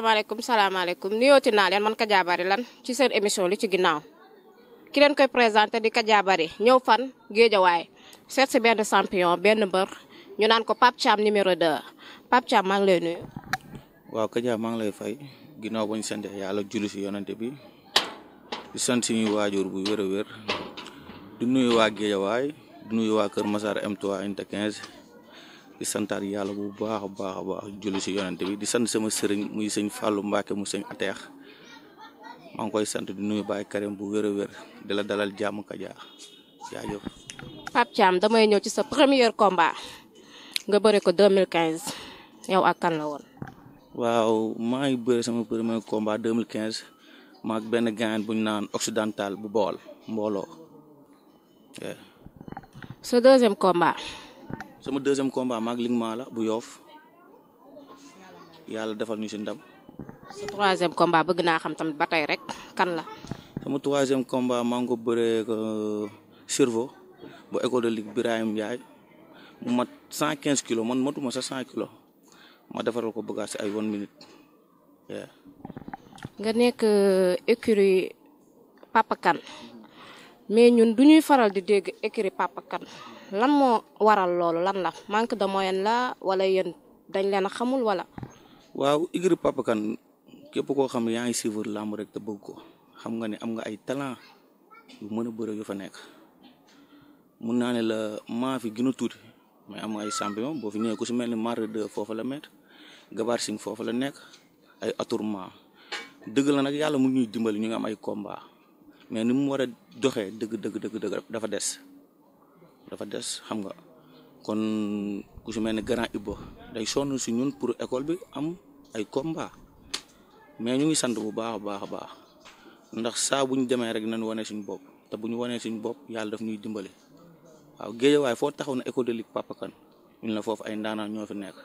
salaamaaleykum salaamaaleykum nuyooti naa leen man Kaja Bari lan ci seen émission li ci ginnaaw ki leen koy présenté di Kaja Bari ñëw fan géejawaay seet si benn champion benn mbër ñu naan ko Pape Thiam numéro 2 Pape Thiam maa ngi lay nuyu. waaw Kaja maa ngi lay fay ginnaaw ba ñu sant yàlla julli si yonante bi di sant waajur bu wér a wér di nuyu waa géejawaay di nuyu waa Kër Massar M3 Unité 15. di santar yalla bu baax baax baax julli ci yonent bi di sant sama serigne muy serigne fallu mbake mu serigne ateex ma ngoy sant di nuyu Baye Karim bu wër wër dala la dalal jàmm ka jaa jaajëf. pap Thiam damay ñew ci sa premier combat nga bëre ko 2015 yow ak kan la won waaw maa ngi bëre sama premier combat 2015 ma ak ben gaane bu naan occidental bu mbolo yeah. so deuxième combat sama deuxième combat komba ling maa la bu yof yalla defal ñu ci ndam sa troisième combat bëgg na xam tamit batay rek kan la sama troisième combat mango beure ko bëree euh, bu école de ligue ibrahim yaay mu mat 115 quinze kilos man matuma sa 100 kilos ma defal ko ay 1 minute nga nek euh, écurie Papa kan mais ñun duñuy faral di dégg écurie Papa kan lan mo waral loolu lan la manque de moyen la wala yeen dañ leen xamul wala waaw igri papa kan képp koo xam ne yaa ngi suivre lamb rek te bëgg ko xam nga ne am nga ay talent yu mën bëre yu fa nekk mun naa la maa fi gën a tuuti mais am ay champion boo fi ñëwee ku si mel ni marre de foofu la met gabar sing foofu la nekk ay atourement dëgg la nag yàlla mu ñuy dimbali ñu ngi am ay combat mais ni mu war a doxee dëgg dëgg dëgg dafa des dafa hamga xam nga kon ku ci melni grand Ibo day sonu ci ñun pour école bi am ay combat mais ñu ngi sant bu baax baax baax ndax sa buñu démé rek nañ wane suñu bop té buñu woné suñu bop yalla daf ñuy dimbalé waaw way fo taxaw na école de lik papa kan ñun la fofu ay ndana ñoo fi nekk.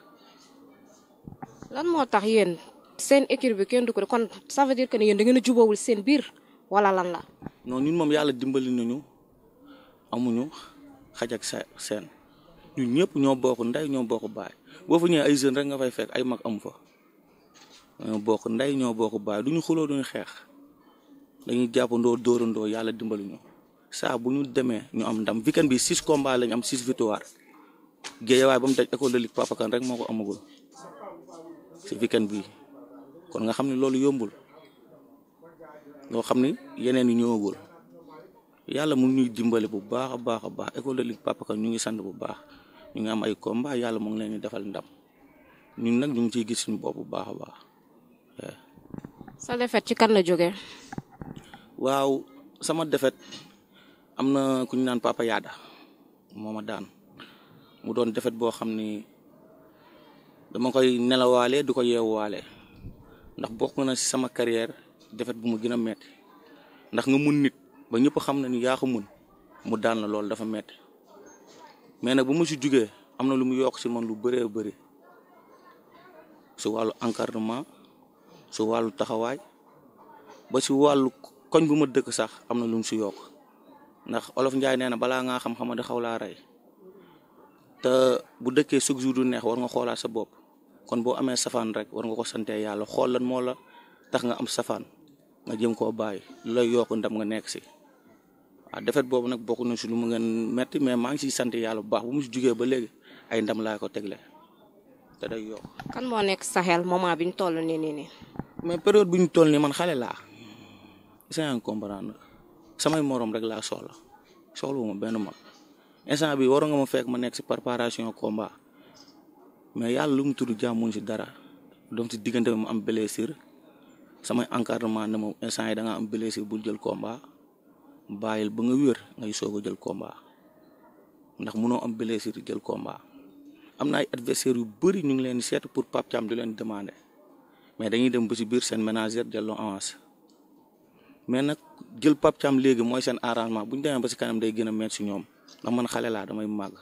lan mo tax yeen seen équipe bi kenn du ko kon ça veut dire que yéen da ngeen a seen bir wala lan la. non ñun mom yalla dimbali nañu amuñu. xaj ak seen ñun ñëpp ñoo bokk nday ñoo bokk baay boo fa ñëwee ay jeunes rek nga fay fekk ay mag amu fa ñoo bokk nday ñoo bokk baay du ñu xuloo duñu xeex dañuy jàppandoo dóorandoo yàlla dimbali ñu saa bu ñu demee ñu am ndam weekend bi six combats lañ am six victoire géejawaay ba mu daj école de ligue rek moo ko amagul si bi kon nga xam ne loolu yombul loo xam ni yeneen yi ñëwagul. yalla mu ñuy dimbalé bu baax a baax baax école de Papa ka ñu ngi sant bu baax ñu ngi am ay combat yalla mo ngi leen di defal ndam ñun nak ñu ngi gis suñu bop bu baax baax. sa defet ci kan la joggé waaw sama defet amna ku ñu naan Papa Yada moma daan mu doon defet bo xamni dama koy nelawaale du ko yeewaale ndax bokku na si sama carrière defet bu mu gëna metti ndax nga mun nit ba ñëpp xam na ni yaa ko mun mu daan la loolu dafa metti mais nag bu ma si jugee am na lu mu yokk si man lu bëree bëri si wàllu encadrement si wàllu taxawaay ba si wàllu koñ bu ma dëkk sax am na lu mu si yokk ndax olof njaay nee na balaa ngaa xam xama da xaw laa rey te bu dëkkee suk jour du neex war nga xoolaat sa bopp kon boo amee safaan rek war nga ko sante yàlla xool lan moo la tax nga am safaan nga jëm koo bàyyi lay yokk ndam nga nekk si Ah, defet bobu nak bokku na ci lu mu ngeen metti mais ma ngi ci sante yalla bu baax bu mu ci jugee ba léegi ay ndam la ko tegle te day yo kan mo nek sahel moment biñ tollu ni ni ni mais période buñ toll ni man la c'est un comprendre samay morom rek la soxla soxla mo ma benn man instant bi waro nga ma fek ma nek ci préparation combat mais yalla lu mu tuddu jamu ci dara dom ci diggante mu am blessure samay encadrement na mo instant yi da nga am blessure bu jël combat bayil ba nga wër ngay soog jël combat ndax mëno am blessure jël combat amna ay adversaire yu bëri ñu ngi leen sét pour pap cham di leen demander mais dañuy dem ba si biir seen jël lo avance mais nak jël pap cham légui moy seen arrangement buñu ñu ba ci kanam day gëna a ci ñom da man xalé la damay mag màgg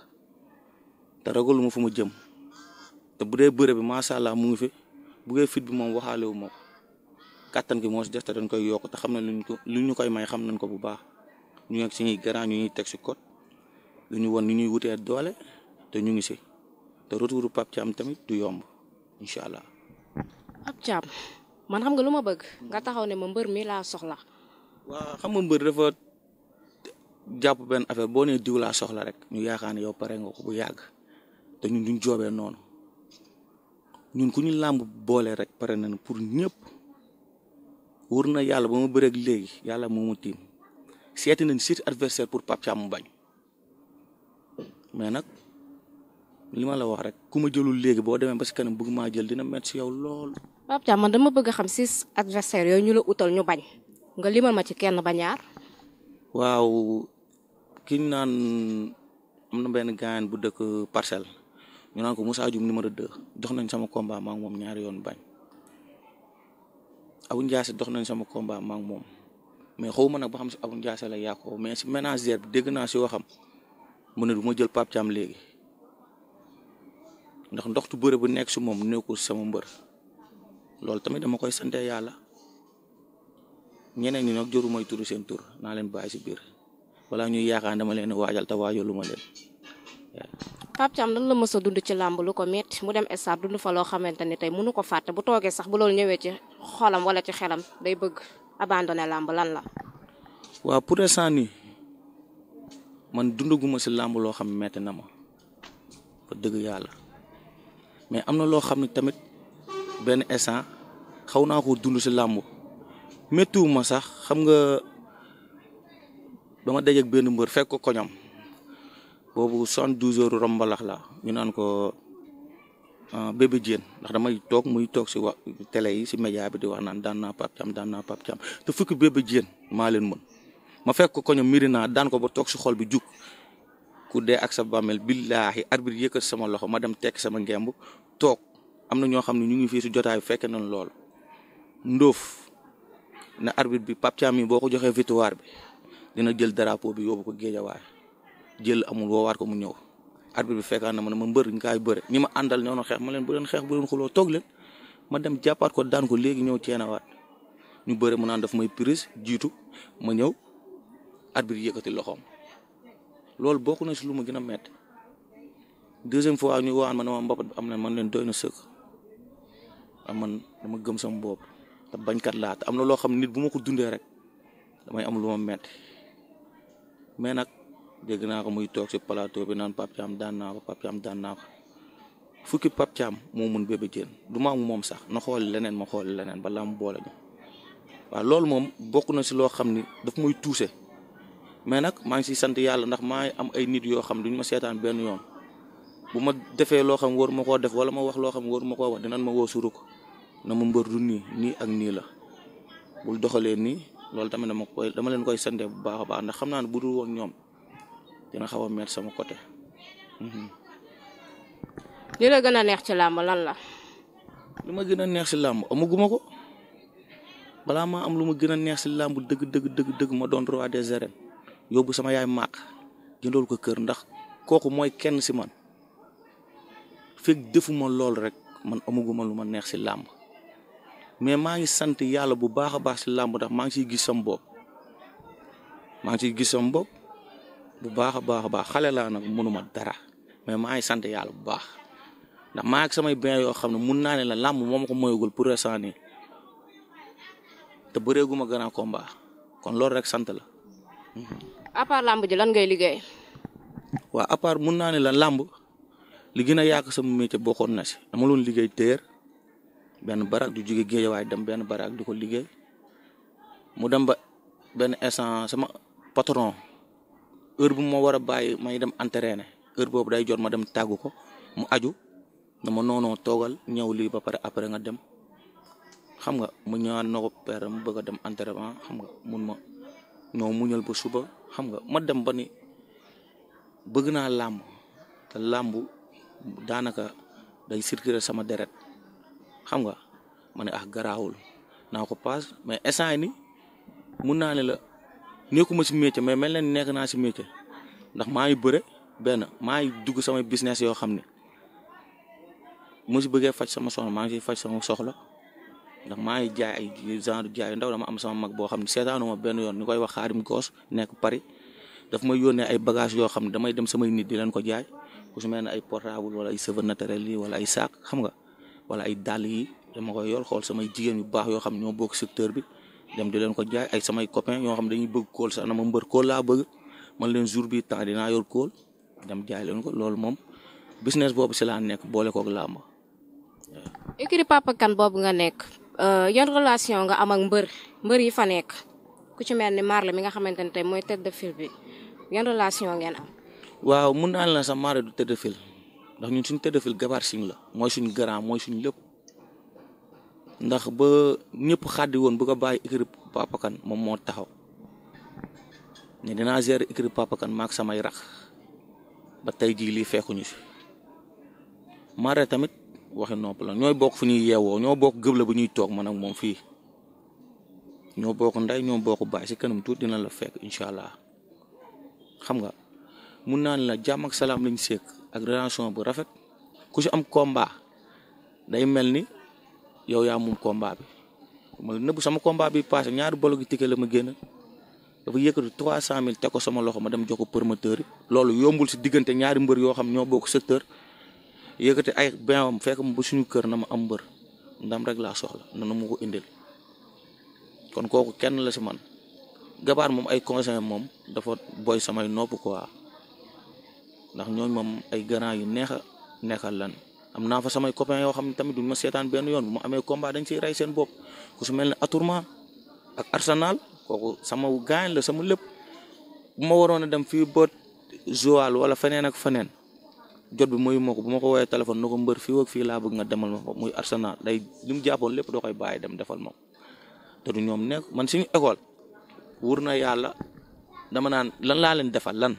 ragul mu fu mu jëm te bu dé bëre bi ma sha allah mu ngi fi bu dee fit bi mom waxalé wu mako katan gi mo ci def te dañ koy yok te xamna luñu luñu koy may xamnañ ko bu baax ñu ak suñuy garant ñu ñuy teg si code duñu won ni ñuy wutee doole te ñu ngi si te retouru pap cham tamit du yomb insha allah pap cham man xam nga luma bëgg nga taxaw ne ma mbeur mi la soxla wa xam nga mbeur dafa japp ben affaire bo nee diw la soxla rek ñu yaakaane yow pare nga ko bu yàgg te ñun duñ jobé non ñun ku ñu lamb boole rek pare nañ pour ñëpp wurna na bama ba ma bëreeg léegi yàlla seeti nañ site adversaire pour Pape cham bañ mais nak lima la wax rek kuma jëlul légui bo démé ba ci kanam bëgg jël dina met ci yow lool. Pape cham man dama bëgg xam six adversaire yo ñu la outal ñu bañ nga limal ma ci kenn ba ñaar. waaw ki naan amna ben gaane bu dëkk parcel ñu naan ko Moussa Dioum numéro 2 dox nañ sama combat ma ak mom ñaar yoon bañ awu Ndiasse dox nañ sama combat ma ak mom mais xawma nak ba xam Abou Ndiassé la yakko mais ci ménager bi dégg na ci waxam mu ne du ma jël Pape Thiam léegi ndax ndoxtu bëre bu nekk ci mom neeku sama mbeur loolu tamit dama koy sante yalla ñeneen ñi nak joru moy turu sen tur na leen bay ci bir wala ñuy yaakaar dama leen waajal te waajalu ma leen. Pape Thiam lan la mësa dund ci lamb lu ko met mu dem stade dund fa lo xamanteni tay mënu ko fàtte bu toge sax bu loolu ñëwee ci xolam wala ci xelam day bëgg. abandonné làmb lan la. waaw pour l'instant nii man dundaguma si làmb loo xam metti na ma dëgg yàlla mais am na loo xam ne tamit benn instant xaw naa ko dund si làmb méttiwu sax xam nga dama dajeeg benn mbër fekk ko koñam boobu soixante douze heures rombalax la ñu naan ko. bébé Diène ndax dama tok muy tok si télé yi si média bi di wax nan dan na pap cham dan na pap cham te fukk bébé Diène ma len mën ma fekk ko koñu mirina dan ko ba tok si xol bi juk ku dé ak sa bàmmeel billahi arbitre yeke sama loxo ma dem tek sama ngembu tok amna na xamni ñu ngi fi ci jotaay fekk nañ lool ndof na arbitre bi pap cham yi boko joxe victoire bi dina jël drapeau bi yóbbu ko géejawaay jël amul war ko mu ñew arbitre bi fekkaan na ma ne ma mbër ñu kaay bëre ñi ma àndal ñoo xeex ma leen bu leen xeex bu leen xuloo toog leen ma dem jàppaat ko daan ko léegi ñëw ceenawaat ñu bëre mu naan daf may prise jiitu ma ñëw arbitre yëkkati loxoom loolu bokk na si lu ma gën a métti deuxième fois ñu waxaan ma ne ma mbapat am na man leen doy na man dama gëm sama bopp te bañkat laa te am na loo xam nit bu ma ko dundee rek damay am lu ma métti nag dégg ah, na ko muy tok ci plateau bi nan Pape Thiam daan naa ko Pape Thiam dan na ko fukki Pape Thiam mo mun bebe jeen du ma mom sax na xol leneen ma xol leneen ba lam boole ñu wa loolu mom bokku na ci lo xamni daf muy touser mais nak ma ngi ci sante yalla ndax ma am ay nit yo xam duñ ma seetaan ben yoon bu ma defee loo xam wor mako def wala ma wax lo xam wor mako wax dinañ ma wo suru ko na mu mbeur du ni ni ak ni la bul doxale ni lol tamit dama koy dama len koy sante bu baax baax ndax xamna bu dul woon ñom dina xaw a met sama côté. Mhm. li la gën a neex ci làmb lan la. li ma gën a neex si làmb amaguma ko balaa maa am lu ma gën a neex si làmb dëgg dëgg dëgg ma doon roi des arènes yóbbu sama yaay màkk jëndool ko kër ndax kooku mooy kenn si man fekk defuma lool rek man amaguma lu ma neex si làmb mais maa ngi sant yàlla bu baax a baax si làmb ndax maa ngi ciy gis sam bopp maa ngi ciy gis sam bopp bu baax a baax a baax xale laa nag mënuma dara mais maa ngi sant yàlla bu baax ndax maa ak samay bien yoo xam ne mun naa ne la làmb moom ko moyagul pour l'instant nii te bëreeguma grand combat kon loolu rek sant la. Mm-hmm. à part làmb ji lan ngay liggéey. à part mun naa ne la làmb li gën a yàq sama métier bokkoon na si dama doon liggéey téer benn barak du jóge géejawaay dem benn barak di ko liggéey mu dem ba benn instant sama patron. heure bu ma war a bàyyi may dem entraîner heure boobu day jot ma dem tàggu ko mu aju na ma noonoo toogal ñëw lii ba pare après nga dem xam nga mu ñëwaat na ko père mu bëgg a dem entraînement xam nga mun ma ñoo muñal ba suba xam nga ma dem ba ni bëgg naa làmb te làmb daanaka day circuler sama deret xam nga ma ne ax ah, garaawul naa ko paas mais instant ni mun naa ne nekkuma si métier mais mel na nekk naa si métier ndax maa ngi bëre benn maa ngi dugg samay business yoo xam ne mu si bëggee faj sama soxla maa ngi siy faj sama soxla ndax maa ngi jaay ay genre jaay ndaw dama am sama mag boo xam ne seetaanuma benn yoon ñu koy wax xaarim goos nekk Paris daf may yónnee ay bagages yoo xam ne damay dem samay nit di leen ko jaay ku su mel ne ay portable wala ay cheveux naturels yi wala ay saak xam nga wala ay dàll yi dama koy yor xool samay jigéen yu baax yoo xam ne ñoo bokk secteur bi dem di len ko jaay ay eh, samay copain ñoo xam dañuy bëgg kool sax na ma mbeur kool la bëgg man len jour bi temps dina yor kool dem jaay len ko lool mom business boobu si laa nekk boole ak lamb écurie ya. Papa kan bobu nga nekk eh, yan relation nga am ak mbeur mbeur yi fa nekk ku ci melni marle mi nga xamantene tay moy mooy tête de file bi yan relation ngeen am. waaw mu naa la sa marle du tête de file ndax ñun suñu tête de file gabar sing la moy suñu grand moy suñu lepp ndax ba ñëpp xaddi woon bu ko bàyyi écrit papa kan moom moo taxaw ne dinaa gérer écrit papa kan maak samay rax ba tey jii lii fekkuñu si mare tamit waxi nopp la ñooy bokk fu ñuy yeewoo ñoo bokk gëb la bu ñuy toog man ak moom fii ñoo bokk nday ñoo bokk baay si kanam tuut dina la fekk incha allah xam nga mun naa la jàmm ak salaam lañ séek ak relation bu rafet ku si am combat day mel yow ya moom combat bi ma nëbb sama combat bi passé ñaari bolo gi tike ma genn dafa yëkkati 300000 té ko sama loxo ma dem joko promoteur loolu yombul ci digënté ñaari mbeur yo xam ñoo bokk secteur yëkkati ay bëwam fekk mu ba suñu kër na ma am mbeur ndam rek la soxla na ma ko indil kon koku kenn la ci man gabar mom ay conseil mom dafa boy sama nopp quoi ndax ñoo mom ay garant yu neex lan am naa fa samay copains yoo xam ne tamit duñ ma seetaan benn yoon bu ma amee combat dañ siy rey seen bopp ku su mel ne Atourma ak Arsenal kooku sama gaañ la sama lépp bu ma waroon a dem fii ba Joal wala feneen ak feneen jot bi mayu ma ko bu ma ko woowee téléphone na ko mbër fii ak fii laa bëgg nga demal ma ko muy Arsenal day li mu jàppoon lépp doo koy bàyyi dem defal ma ko te du ñoom nekk man suñu école wur na yàlla dama naan lan laa leen defal lan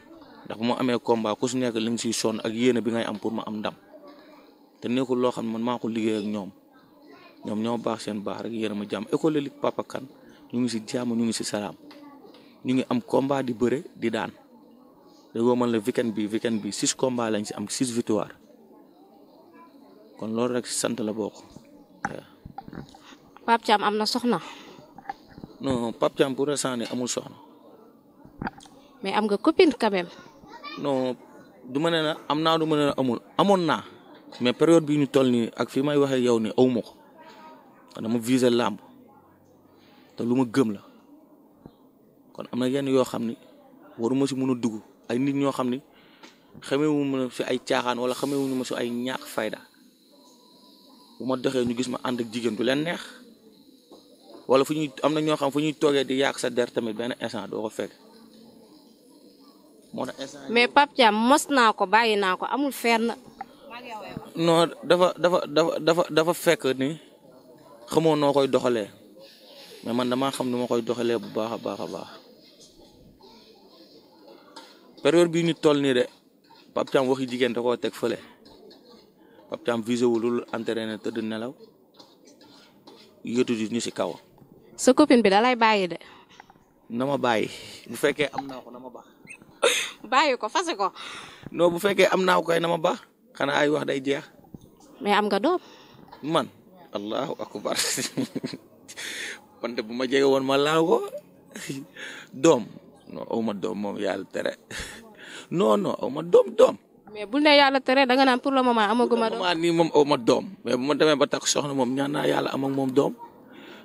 ndax bu ma amee combat ku si nekk li nga siy sonn ak yéene bi ngay am pour ma am ndam. té nekul lo xam man mako liggéey ak ñom ñom ñoo baax seen baax rek yéram a école lik papa kan ñu ngi ci jàmm ñu ngi ci salam ñu ngi am combat di bëré di daan da go man le weekend bi weekend bi six combat lañ ci am six victoire kon lool rek ci sante la bokk. pap jam amna soxna. non pap jam pour ressane amul soxna. mais am nga copine quand même. non duma ma ne na am naa du ma ne na mais période bi ñu toll nii ak fi may waxee yow ni aw ma ko dama viser làmb te lu ma gëm la kon am na yenn yoo xam ni waruma si mun a dugg ay nit ñoo xam ni xamewu ma si ay caaxaan wala xamewuñu ma si ay ñàkk fayda bu ma doxee ñu gis ma ànd ak jigéen du leen neex wala fu ñuy am na ñoo xam fu ñuy toogee di yàq sa der tamit benn instant doo ko fekk. moo tax instant mais Pape mos naa ko bàyyi naa ko amul fenn. non dafa dafa dafa dafa dafa fekk ni xamoo noo koy doxalee mais man damaa xam nu ma koy doxalee bu baax a baax a baax période bii ñu toll nii de Pape Thiam waxi jigéen da koo teg fële Pape Thiam wul wu lul entraîné tëdd nelaw yëtu di ñu si kaw. sa copine bi dalay lay bàyyi de. na ma bàyyi bu fekkee am naa ko na ma na ma baax. xanaa ay wax day jeex. mais am nga doom. man allahu akbar wante bu ma jege woon ma laaw doom non aw ma doom moom yàlla tere non non aw ma doom doom. mais bu ne yàlla tere danga naan pour la moment ama doom moment nii moom aw ma doom mais bu ma demee ba takk soxna moom ñaan naa yàlla am moom doom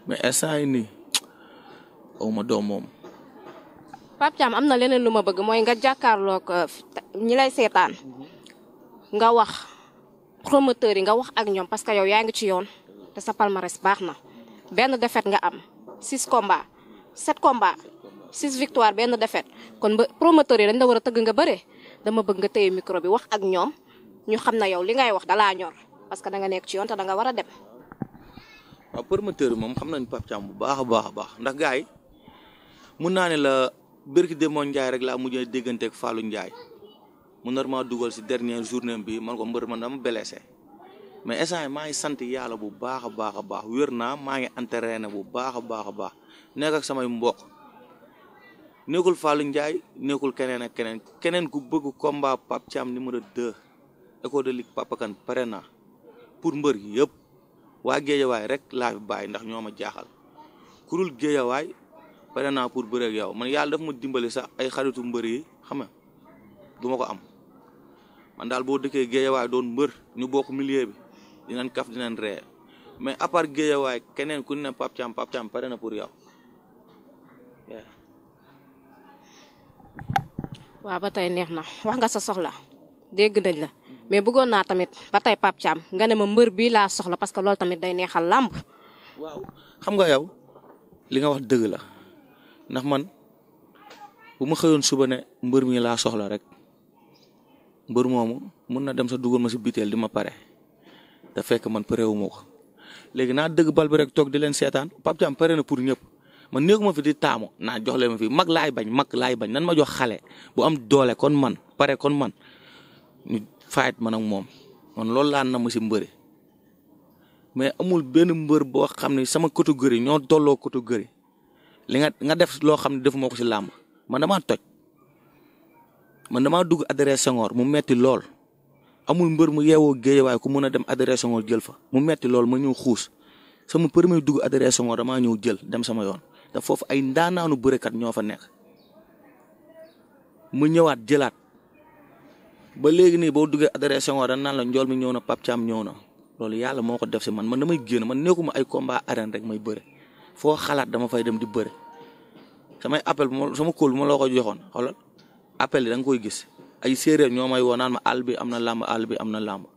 mais instant ni aw ma doom moom. Pape Thiam am na leneen lu ma bëgg mooy nga jàkkaarloog euh, ñi lay seetaan. nga wax promoteur yi nga wax ak ñom parce que yow yaa ngi ci yoon te sa palmarès baax na benn défaite nga am six combat sept combat six victoire benn défaite kon ba promoteur yi dañ la war a tëgg nga bëre dama bëgg nga téye micro bi wax ak ñoom ñu xam na yow li ngay wax dalaa ñor parce que da nga nekk ci yoon te da nga war a dem. waaw promoteur moom xam nañ pap bu baax a baax a baax ndax gars mun naa ne la Berkut Demba Ndiaye rek laa mujjee ak Fallou Ndiaye. mu nar dugal si dernière journée bi man ko mbër man dama blessé mais instant maa ngi sant yàlla bu baax a baax a baax wér naa maa ngi na bu baax a baax a baax nekk ak samay mbokk nekkul Fallou Ndiaye nekkul keneen ak keneen keneen ku bëgg combat Pape Thiam numéro 2 école de ligue Papa Kane pare na pour mbër yëpp waa géejawaay rek laa fi bàyyi ndax ñoo ma jaaxal ku dul géejawaay pare naa pour bëreeg yow man yàlla daf ma dimbali sax ay xaritu mbër yi xam nga ko am. man dal bo dëkkee géejawaay doon mbeur ñu bok milieu bi dinañ kaf dinañ ré mais à part géejawaay keneen ku ne pap cham pap cham paré na pour yow ya. waaw ba tey neex na wax nga sa soxla dégg nañ la mais bëggoon naa tamit ba tey pap cham nga ne ma mbeur bi la soxla parce que loolu tamit day neexal lamb waaw xam nga yow li nga wax dëgg la ndax man bu ma xëyoon suba ne mbeur mi la soxla rek mbeur muna mën na dem sa dugal ma si bitel dima paré pare fekk man wu moko légui na deug bal bi rek tok di len pap jam pare na pour ñep man néegu ma fi di tamo na jox leen ma fi mag lay bañ mag lay bañ nan ma jox xalé bu am doole kon man pare kon man ñu fayet man ak mom man lool la na ma ci mbëri mais amul mbeur bo xamni sama ne geuri ño ñoo kotu geuri li nga nga def lo xamni ne moko ci lamb man dama toj man dama dugg adresse ngor mu metti lol amul mbeur mu yewoo geey way ku mun dem adresse ngor jël fa mu metti lol ma ñëw xuus sama premier dugg adresse ngor dama ñëw jël dem sama yoon da fofu ay ndaanaanu bërekat ñoo fa nekk mu ñëwaat jëlaat ba léegi ni bo duggee adresse ngor dañ naan la njool mi ñëw pap cham Thiam ñëw na moko def ci man man damay génn man nekkuma ay combat arène rek may bëre fo xalaat dama fay dem di bëre samay appel sama kóol mo ma la ko joxoon appel da koy gis ay séeréer ñomay may naan ma albi amna lamb albi amna lamb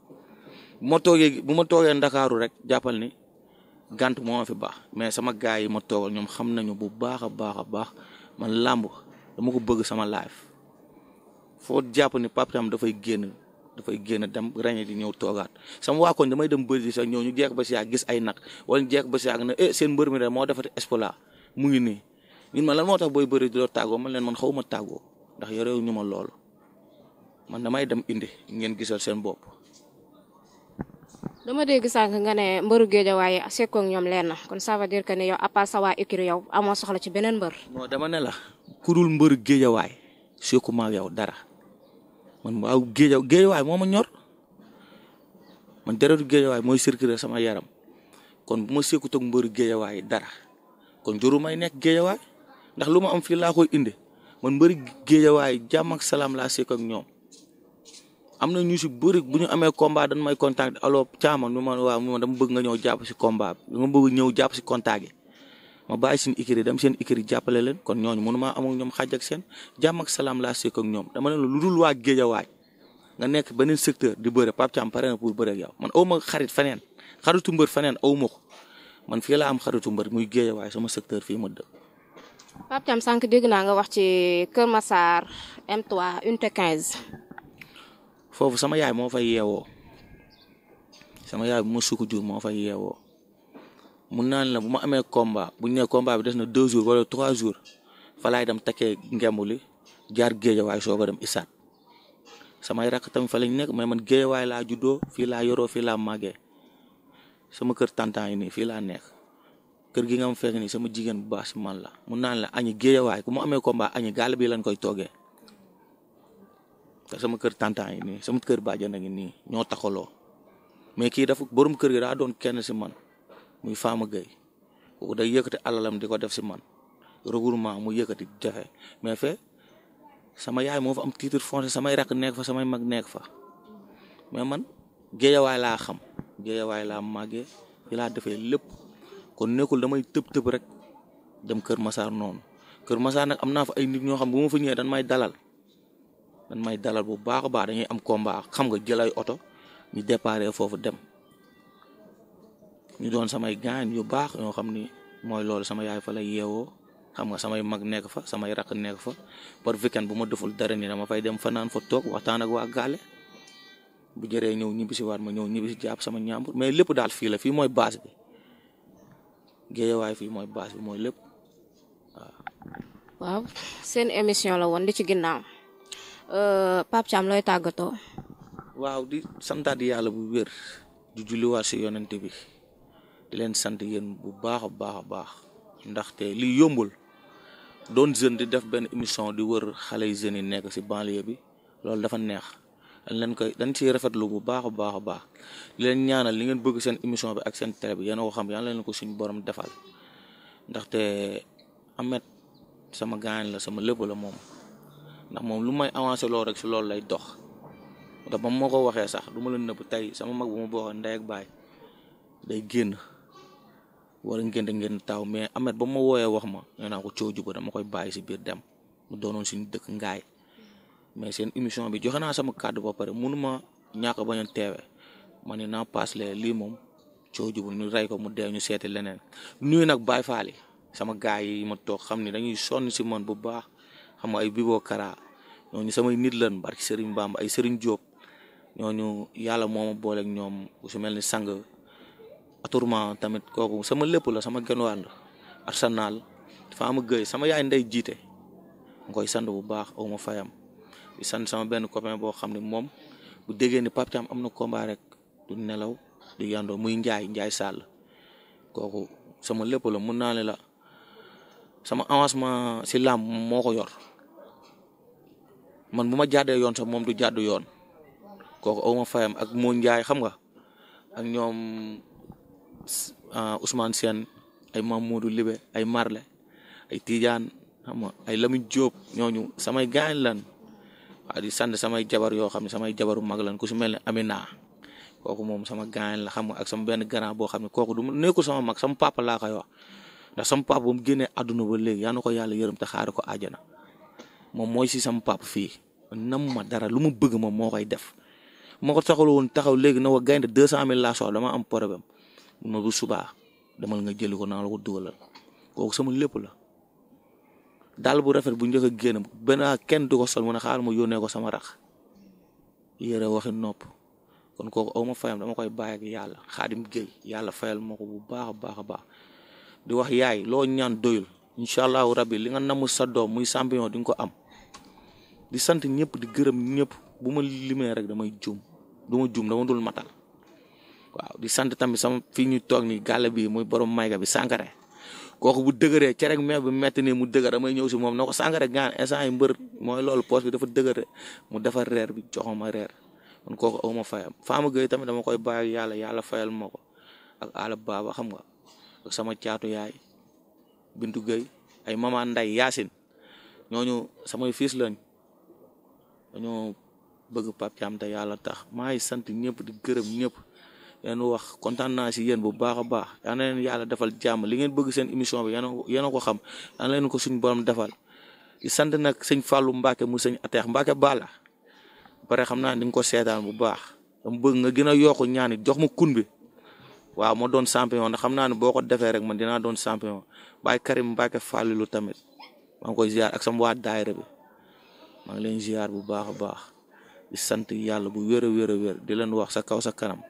mo toge na bu ma rek jappal ni gant mo ma fi bax mais sama gaay yi ma togal ñom xam nañu bu baaxa baaxa baax man lamb dama ko bëgg sama life fo japp ni fay genn da fay genn dem rañi di ñew togaat sama wa ko damay dem beuri sax ñoo ñu jeex ba si gis ay nak wala jeex ba si na eh seen mbeur mi rek mo defati espola mu ngi ñun ma lan mo tax boy beuri di man len man xaw ndax yorewu ñu ma loolu man damay dem indi ngeen gisal seen bopp. dama dégg sànq nga ne mbëru géeja waaye sekkoog ñoom leen na kon ça veut dire que ne yow à part sa waa soxla ci beneen mbër. non dema ne la kurul mbëru géeja waay sekku ma ak yow dara man waaw géeja géeja waay moo ma ñor man deretu géeja mooy circuler sama yaram kon bu ma sekkutoog mbëru géeja waay dara kon juru may nekk géeja ndax lu ma am fii laa koy indi. man mbëri géejawaay jàmm ak salaam laa sekk ak ñoom am na ñu si bëri bu ñu amee combat dañ may contact alors caama nu ma waaw man dama bëgg nga ñëw jàpp si combat bi dama bëgg ñëw jàpp si contact yi ma bàyyi seen ikiri dem seen ikiri jàppale leen kon ñooñu mënu maa am ñoom xaaj ak seen jàmm ak salaam laa sekk ak ñoom dama ne lu dul waa géejawaay nga nekk beneen secteur di bëre Pape Thiam pare na pour bëre ak man aw ma xarit feneen xaritu mbër feneen aw ma ko man fii am xaritu mbër muy géejawaay sama secteur fii ma dëkk Pape Thiam sànq dégg naa nga wax ci Kër Massar M3 foofu sama yaay moo fay yeewoo sama yaay bu ma sukk jur moo fa yeewoo mun naa la bu ma amee combat bu ñu nee combat bi des na deux jours wala trois jours falaay dem takkee ngemb li jaar géejawaay soog a dem isaat samay rakk tamit fa lañ nekk mais man géejawaay laa juddoo fii laa yoroo fii laa màggee sama kër tantan yi nii fii laa nekk. kër gi nga am fekk ni sama jigéen bu baax si man la mu naan la añi géejawaay ku mu amee combat añi gaal bi lañ koy toogee te sama kër tantan yi nii sama kër bàjjan na ngi nii ñoo taxaloo mais kii dafa borom kër gi daa doon kenn si man muy faama Gueye iya kooku day yëkkati alalam di ko def si man regroupement mu yëkkati iya jafe mais fe sama yaay moo fa am titre foncier samay rakk nekk fa samay mag nekk fa mais man géejawaay laa xam géejawaay laa màggee fi laa defee lépp. kon nekkul damay tëb tëb rek dem Kër masaar noonu Kër Massar nag am naa fa ay nit ñoo xam ne ma fa ñëwee dan dalal dan may dalal bu baax a baax dañuy am combat xam nga jëlay oto ñu déparé foofu dem ñu doon samay gaañ yu baax ñoo xam ni mooy loolu sama yaay fa lay yeewoo xam nga samay mag nekk fa samay rakk nekk fa par weekend bu ma deful dara ni dama fay dem fanaan fa toog waxtaan ak waa gaale bu jëree ñëw ñibbisi waat ma ñëw ñibbisi jàpp sama ñaambur mais lépp daal fii la fii mooy baas bi. géejawaay fii mooy base bi mooy lépp waaw. seen émission la woon li ci ginnaaw euh, Pape Thiam looy tàggatoo. waaw di santaat yàlla bu wér di julliwaat si yonent bi di leen sant yéen bu baax baax a baax ndaxte li yombul doon jeune di def benn émission di wër xale yi jeunes yi nekk ci banlieue bi loolu dafa neex. dañ leen koy dañ ci rafetlu bu baax baax baax di leen ñaanal li ngeen bëgg seen émission bi ak seen télé bi yéen a ko xam yàlla leen ko suñu borom defal ndaxte Amet sama gaañ la sama lépp la moom ndax moom lu may avancé loolu rek si loolu lay dox ndax ba moo ko waxee sax du ma la nëbb tey sama mag bu ma boo ndey ak baay day génn wala ngeen da ngeen taw mais Amet ba ma wooyee wax ma nee naa ko cooju ba dama koy bàyyi si biir dem mu doonoon suñu dëkk ngaay mais seen émission bi joxe naa sama kàddu ba pare munuma ñàkk bañ a teewe ma ne naa paas lee lii moom coo jubul ñu rey ko mu dee ñu seeti leneen nuyu nag Baye faali sama gaay yi ma toog xam ne dañuy sonn si man bu baax xam ay Bibo Kara ñooñu samay nit lan barki Serigne Bamba ay Serigne ñooñu yàlla ma booleeg ñoom su mel sang tamit kooku sama lépp la sama genwàll Arsenal dafa am gëy sama yaay ndey jiite nga koy sant bu baax aw fayam di sant sama benn copain boo xam ne moom bu déggee ni Pape Thiam am na combat rek du nelaw du yandoo muy Ndiaye Ndiaye Sall kooku sama lépp la mun naa ne la sama avancement si làmb moo ko yor man mu ma jàddee yoon sax moom du jàddu yoon kooku aw ma fayam ak moo Ndiaye xam nga ak ñoom ah, usmaan Sène ay Mamadou Libé ay Marle ay Tidiane xam nga ay Lamine Diop ñooñu samay gaañ lan di sant samay jabar yoo xam ne samay jabar jabaru mag lan ku su mel ne Amina kooku moom sama gaañ la xam nga ak sama benn grand boo xam ne kooku du nekkul sama mag sama papa laa koy wax ndax sama papa bu mu génnee àdduna ba léegi yaa na ko yàlla yërëm te xaar ko àjjana moom mooy si sama papa fii nam ma dara lu ma bëgg moom moo koy def moo ko taxal woon taxaw léegi na wa gaynde deux cent mille laa soxla dama am problème ma bu subaa demal nga jëli ko naa la ko dugalal kooku sama lépp la. dal bu rafet bu ñëk a ben ken kenn du ko sol mu ne xaar mu yone ko sama rax waxi nopp kon ko aw ma fayam dama koy baye ak yalla khadim geey yalla fayal mako bu baax baax a baax di wax yaay lo ñaan doyul inshallah rabbi li nga namu sa doom muy champion di ko am di sant ñepp di gërëm ñepp bu ma limee rek damay joom duma joom dama dul matal waaw di sant tamit sama fii ñu ni muy borom mayga bi Sankare kooku bu dëgëree cere meew bu metti nii mu dëgër damay ñëw si moom na ko sàng rek gaan instant yi mbër mooy loolu poche bi dafa dëgër mu defar reer bi joxo ma reer kon kooku aw ma fayam faama gëy tamit dama koy bàyyi yàlla yàlla fayal ma ko ak ala baaba xam nga sama caatu yaay bintu gëy ay mama nday yaasin ñooñu samay fiis lañ dañoo bëgg Pape Thiam te yàlla tax maa ngi sant ñëpp di gërëm ñëpp leen wax kontaan naa si yéen bu baax a baax yal na leen yàlla defal jàmm li ngeen bëgg seen émission bi yéen a ko xam yal na leen ko suñu borom defal di sant nag sëñ fallu mbake mu sëñ Atex mbake Bala pare xam naa ni nga ko seetaan bu baax dama nga gën a yokk ñaani jox ma kun bi waaw moo doon champion ndax xam naa ne boo ko defee rek man dinaa doon champion Baye Karim Mbacke Fallou tamit maa ngi koy ziar ak sama waa daayira bi maa ngi leen ziar bu baax a baax di sant yàlla bu wér wér di leen wax sa kaw sa kanam.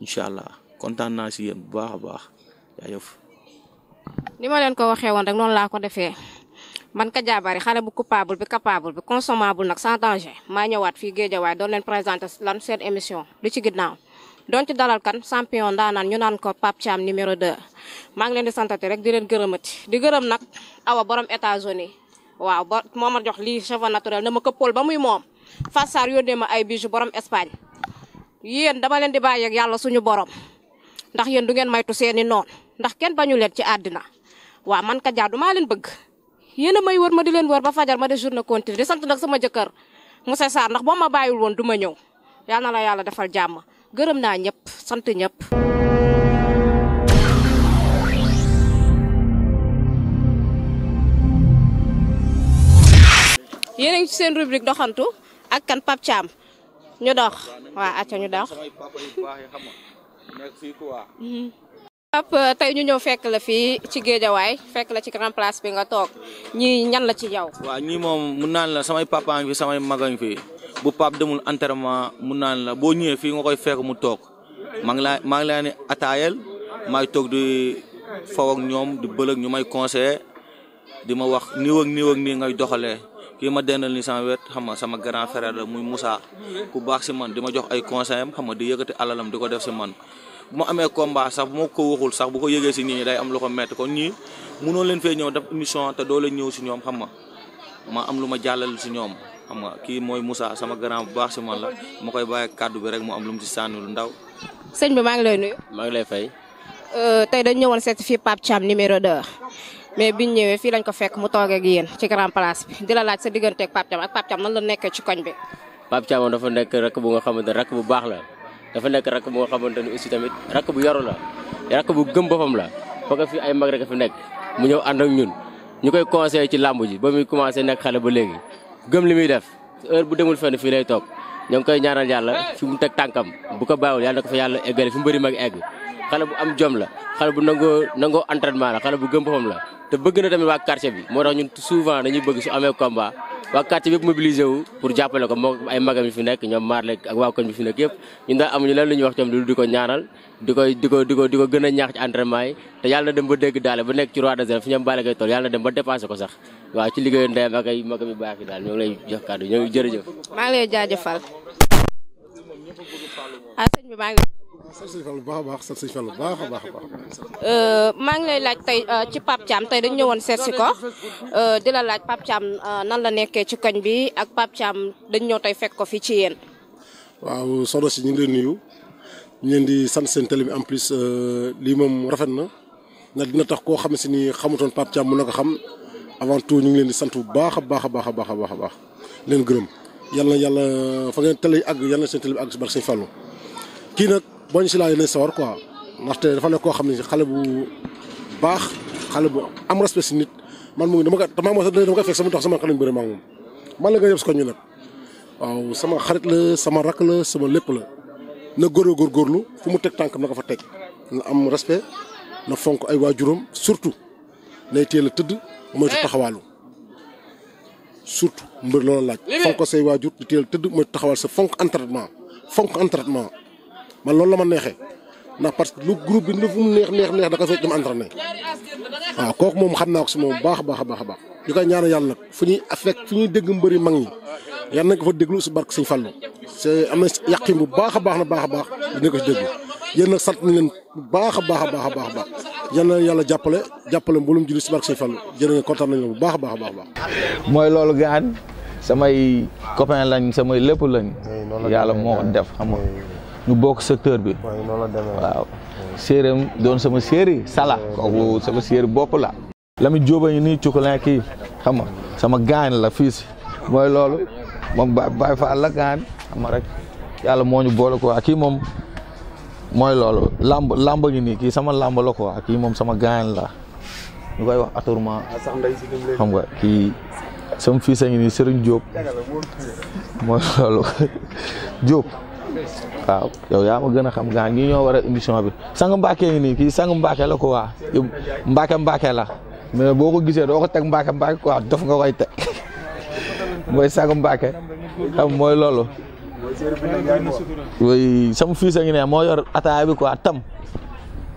incha allah kontaan naa si yéen baax a baax jaajëf. ni ma leen ko waxee woon rek noonu laa ko defee man ka jaabaari xale bu coupable bi capable bi consommable nag sans danger maa ñëwaat fii Géejawaay doon leen présenté lan seen émission lu ci ginnaaw. doon ci dalal kan champion daanaan ñu naan ko Pape Thiam numéro 2 maa ngi leen di santate rek di leen gërëmati di gërëm nag awa borom États-Unis waaw ba moo ma jox lii naturel na ma këppool ba muy moom Fassar yónnee ma borom Espagne Yen dama len di bàyyi ak yalla suñu borom ndax yeen du ngeen maytu seeni non. ndax ken bañu len ci adina wa man ka jaadu maa leen bëgg yeen may wër ma di len wër ba fajar ma de journée continue di sant nak sama jëkkër Moussa Sarr ndax boo ma bàyyiwul woon du ñëw na la yalla defal jamm gërëm na ñëpp sant ñëpp. yeen ci seen rubrique doxantu ak kan pap cham ñu dox waaw acca ñu dox. papa mm-hmm. euh, tey ñu ñëw fekk la fii ci géejawaay fekk la ci grand place bi nga toog ñii ñan la ci yow. waaw ñii moom mun naan la samay papa fi samay magañ fii bu pap demul enterrement mun naan la boo ñëwee fii nga koy fekk mu toog maa ngi laa maa ngi leen maa ngi toog di faw ñoom di bëlëg ñu may conseiller di ma wax nii ak nii ak nii ngay doxalee. kii ma dendal ni sama wet xam sama grand frère la muy Moussa ku baax si man di ma jox ay conseil am di yëkkati alalam di ko def si man bu ma sax bu ko waxul sax bu ko yëgee si nit ñi day am lu ko doo si ñoom xam nga ma am lu ma jàllal si ñoom xam nga kii mooy musa sama grand bu baax si man la ma koy bàyyi kàddu bi rek mu am lu mu si sànni lu ndaw. sëñ bi maa ngi lay nuyu. maa ngi lay fay. Euh, tey dañu ñëwoon numéro 2. mais biñ ñëwee fii lañ ko fekk mu toog ak yéen ci grand place bi di la laaj sa digganteeg Pape Thiam ak Pape nan la nekkee ci koñ bi. Pape Thiam dafa nekk rakk bu nga xamante ne rakk bu baax la dafa nekk rakk bu nga xamante ne aussi tamit rakk bu yaru la rakk bu gëm boppam la foog fi ay mag rek fi nekk mu ñëw ànd ak ñun ñu koy conseillé ci làmb ji ba muy commencé nekk xale ba léegi gëm li muy def heure bu demul fenn fii lay toog ñoo ngi koy ñaanal yàlla fi mu teg tànkam bu ko bàyyiwul yàlla ko fa yàlla eggale fi mu bëri mag egg xale bu am jom la xale bu nangoo nangoo la xale bu gëm boppam la te bëgg na tamit waa quartier bi moo tax ñun souvent dañuy bëgg su amee combat waa quartier bi yëpp mobilisé pour jàppale ko moo ay magam yi fi nekk ñoom Marley ak waa koñ lu di ko ñaanal di ko di ñaax ci entraînement yi te yàlla na dem ba dégg daale ba nekk ci roi des arènes fi ñoom Balla Gaye toll yàlla na dem ba dépassé ko sax waaw ci liggéeyu ndeyam ak ay magam yu baax yi daal ñoo lay jox sant sëñ Fall bu baax a baax a baax euh, maa ngi lay laaj tey euh, ci Pape Thiam tey dañu ñëwoon seet ko euh, di la laaj Pape nan la nekkee ci koñ bi ak Pape dañ dañu ñëw tey fekk ko fii ci yéen. waaw soxna si ñu ngi leen nuyu ñu leen di sant seen télé bi en plus lii moom rafet na nag dina tax koo xam si ni xamutoon Pape Thiam mën na ko xam avant tout ñu ngi leen di sant bu baax a baax a baax a baax a baax leen gërëm yàlla yàlla fa ngeen télé yi àgg yàlla na seen télé bi àgg si barke sëñ boo ñu si laajee nañ sawar quoi ndaxte dafa nekk koo xam ne si xale bu baax xale bu am respect si nit man mu ngi dama ko damaa moo sax dama koy fekk sama tax sama kanam moom man la nga yëpp si ko ñu nag waaw sama xarit la sama rakk la sama lépp la na góor góorlu fu mu teg tànkam na ko fa teg na am respect na fonk ay waajuram surtout nay teel a tëdd moytu eh. taxawaalu surtout mbër loola laaj fonk say waajur di teel a tëdd moytu taxawaal sa fonk entraînement fonk entraînement man loolu la ma neexee ndax parce que lu groupe bi lu fu mu neex neex neex da ko fekk dama entraîné waaw kooku moom xam naa ko si moom baax baax baax baax ñu koy ñaanal yàlla nag fu ñuy affect fu ñuy dégg mbëri mag ñi yàlla nañ ko fa déglu si barke Sëñ Fallu c'est am na yàqin bu baax a baax na baax a baax dina ko si déglu yéen nag sant leen bu baax a baax a baax a baax baax yal na yàlla jàppale jàppale mboolum julli si barke Sëñ Fallu jërë ngeen kontaan nañ la bu baax a baax a baax. mooy loolu gaan samay copain lañ samay lépp lañ. yàlla moo def xam nga nubok bok secteur bi waaw séeréem don sama seri sala kooku sama seri bop la lami jóoba ni chocolat ki xam sama gaañ la fils moy lolu mom bay baay faal la gaañ xam rek yalla moñu ñu boole quoi kii moom lamb lamb ngi ni ki sama lamb la quoi kii mom sama gaañ la ñu koy wax atourma xam nga ki sama fils ngi ni serigne moy lolu waaw yow yaa ma gën a xam gaa ngi ñoo war a émission bi sang Mbacke ngi nii kii sang Mbacke la quoi Mbacke Mbacke la mais boo ko gisee doo ko teg Mbacke Mbacke quoi dof nga koy teg mooy sang Mbacke xam mooy loolu. oui sama fils a ngi ne moo yor ataaya bi quoi tam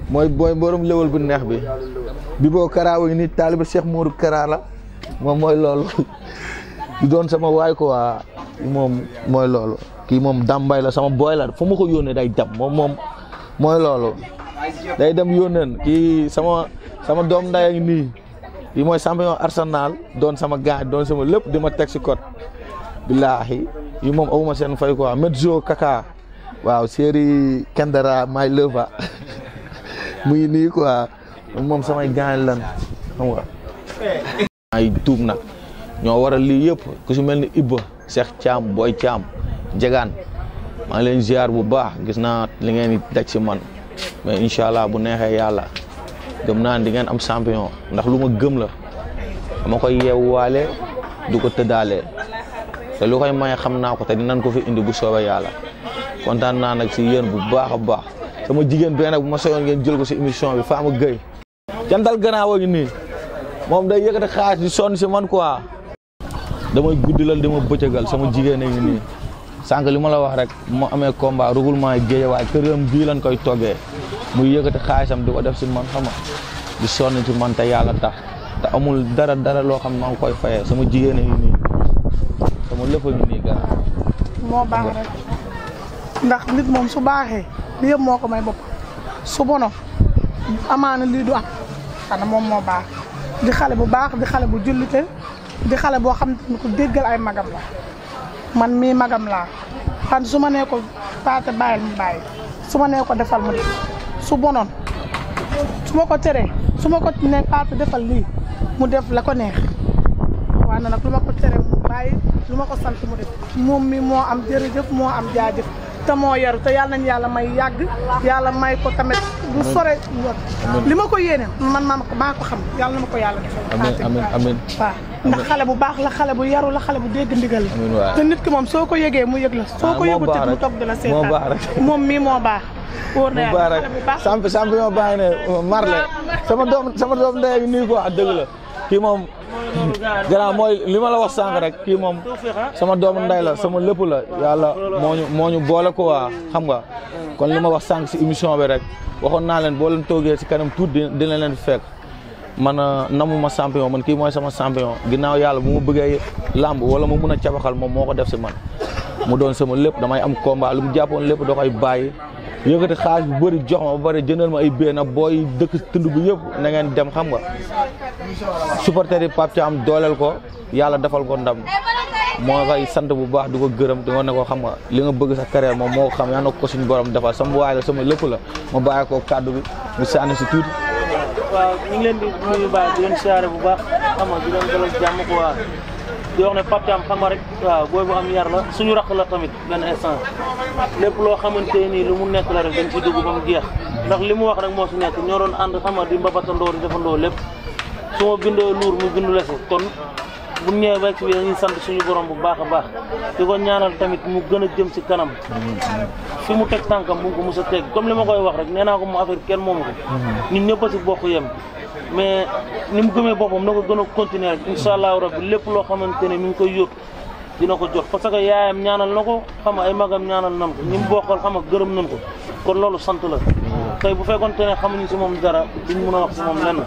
mooy booy borom lewal bu neex bi bi boo Kara wa ngi nii taaliba Cheikh Mourou Kara la moom mooy loolu di doon sama waay quoi moom mooy loolu. kii moom dambay la sama booy la fu ma ko yónnee day dem moom moom mooy loolu day dem yónneen kii sama sama doom nday ak nii yi mooy champion Arsenal doon sama gaañ doon sama lépp di ma teg si kot billaahi yi moom awuma seen fay quoi Medzo Kaka waaw séeri Kendara my lover muy nii quoi moom samay gaañ lan xam nga ay ñoo waral lii yëpp ku si mel ni Ibba Cheikh Thiam Boy Thiam jegan ma ngi len ziar bu baax gis na li ngeen di ci man mais inshallah bu nexe yalla gëm nan di ngeen am champion ndax luma ma la dama koy walé du ko tedalé te lu koy may xamna ko te dinañ ko fi indi bu soobee yalla ya kontan na nak ci yeen bu baax baax sama jigen be nak bu ma soyoon ngeen jël ko ci émission bi Fama Gueye jantal gannaaw gi ni mom day iya yëkëti xaar di son ci man quoi damay guddilal dama bëccëgal sama jigen a ni sank li mo la wax rek mu amé combat regroupement Guédiawaye kërëm bi lañ koy toggé mu yëkëti iya xaalisam diko def ci man xama di sonni ci man ta yalla tax ta amul dara dara lo xam ne koy fayé sama jigéen ñi nii sama lëf a ni gar mo baax rek ndax nit mom su baaxé li yëm moko may bop su bono amana li du am xanaa mom mo baax di xalé bu baax di xalé bu jullité di xalé bo xam ko déggal ay magam la man mii magam laa xan su ma nee ko paate bàyyil mu bàyyi su ma nee ko defal mu def su bonoon su ko teree su ma ko nee paate defal lii mu def la ko neex waa nag lu ma ko tere mu bàyyi lu ma ko sant mu def moom mi moo am jërëjëf moo am jaajëf te moo yaru te yàlla nañ yàlla may yàgg yàlla may ko tamit du li ma ko yéene man maa ko maa ko xam yàlla na ma ko yàlla defal amiin amiin waaw ndax bu baax la xale bu yaru la xale bu dégg ndigal la te nit ki moom soo ko yëgee mu yegla soo ko yëgu te mu toog di la seetaan moom mii moo baax wóor na yàlla xale bu baax champion baax ne Marley sama doom sama doom ndey bi ko wax dëgg kii moom gannaaw mooy li ma la wax sànq rek kii moom sama doom nday la sama lépp la yàlla moo ñu moo ñu boole ko waa xam nga kon li ma wax sànq si émission bi rek waxoon naa leen boo leen toogee si kanam tuuti dina leen fekk man euh, ma champion man kii mooy sama champion ginnaaw yàlla mu ma bëggee làmb wala mu mun a cabaxal moom moo ko def si man mu doon sama lépp damay am combat mu jàppoon lépp da koy bàyyi yëkkati xaalis bu bëri jox ma ba pare jëndal ma ay bee na booy dëkk tund bu yëpp nangeen dem xam nga supporter yi Pape Thiam dooleel ko yàlla defal ko ndam moo koy sant bu baax di ko gërëm di ko ne ko xam nga li nga bëgg sa carrière moom moo xam yaa na ko suñu borom defal sama waay la sama lépp la ma bàyyi ko kàddu bi mu sànni si tuuti. waaw ñu leen di nuyu baax di leen siyaare bu baax xam nga di leen dalal jàmm ko waa di wax ne Pape Thiam xam rek waaw booy bu am yar la suñu rakk la tamit benn instant lépp loo xamante ni lu mu nekk la rek dañ ci dugg ba mu jeex ndax li mu wax rek moo si nekk ñoo doon ànd xam nga di mbabatandoo di defandoo lépp su ma bindoo luur mu bindu lese kon bu ñëwee ba ci bi dañuy sant suñu borom bu baax a baax di ko ñaanal tamit mu gën a jëm si kanam fi mu teg tànkam bu ko mos a teg comme li ma koy wax rek nee naa ko mu affaire kenn moom ko mm-hmm. ñun ñëpp a si bokk yem mais ni mu gëmee boppam na ko gën a continuer rek incha allahu rabbi lépp loo xamante ne mi ngi koy yóbbu dina ko jot parce que yaayam ñaanal na ko xam ay magam ñaanal nan ko ñi mu bokkal gërëm nan ko kon loolu sant la tey bu fekkonte ne xamuñu si moom dara duñ mën a wax si moom lenn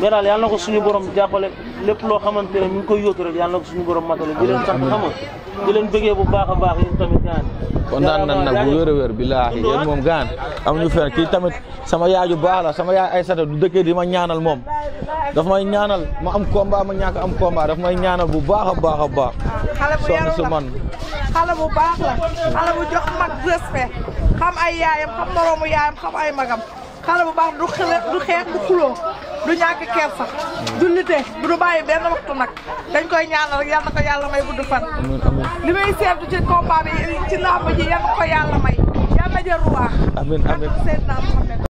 mais daal yàlla na ko suñu borom jàppale lépp loo xamante ne mi ko koy yóotu rek na ko suñu borom matale di leen sant xam nga di bu baax a baax yéen tamit gaan kontaan nan nag bu wér a wér billaahi yéen moom gaan amuñu fen kii tamit sama yaaju baax la sama yaay Aysata du dëkkee di ma ñaanal moom daf may ñaanal ma am combat ma ñàkk am combat daf may ñaanal bu baax a baax a baax sonn si man xale bu baax la xam ay yaayam xam moroomu yaayam xam ay magam xale bu baax du xeex du xeex du xuloo du ñàkk du lite du du bàyyi benn waxtu nag dañ koy ñaanal rek yal ko yàlla may gudd fan li may seetlu ci combat bi ci làmb ji yal ko yàlla may yal na jël ruwaax amiin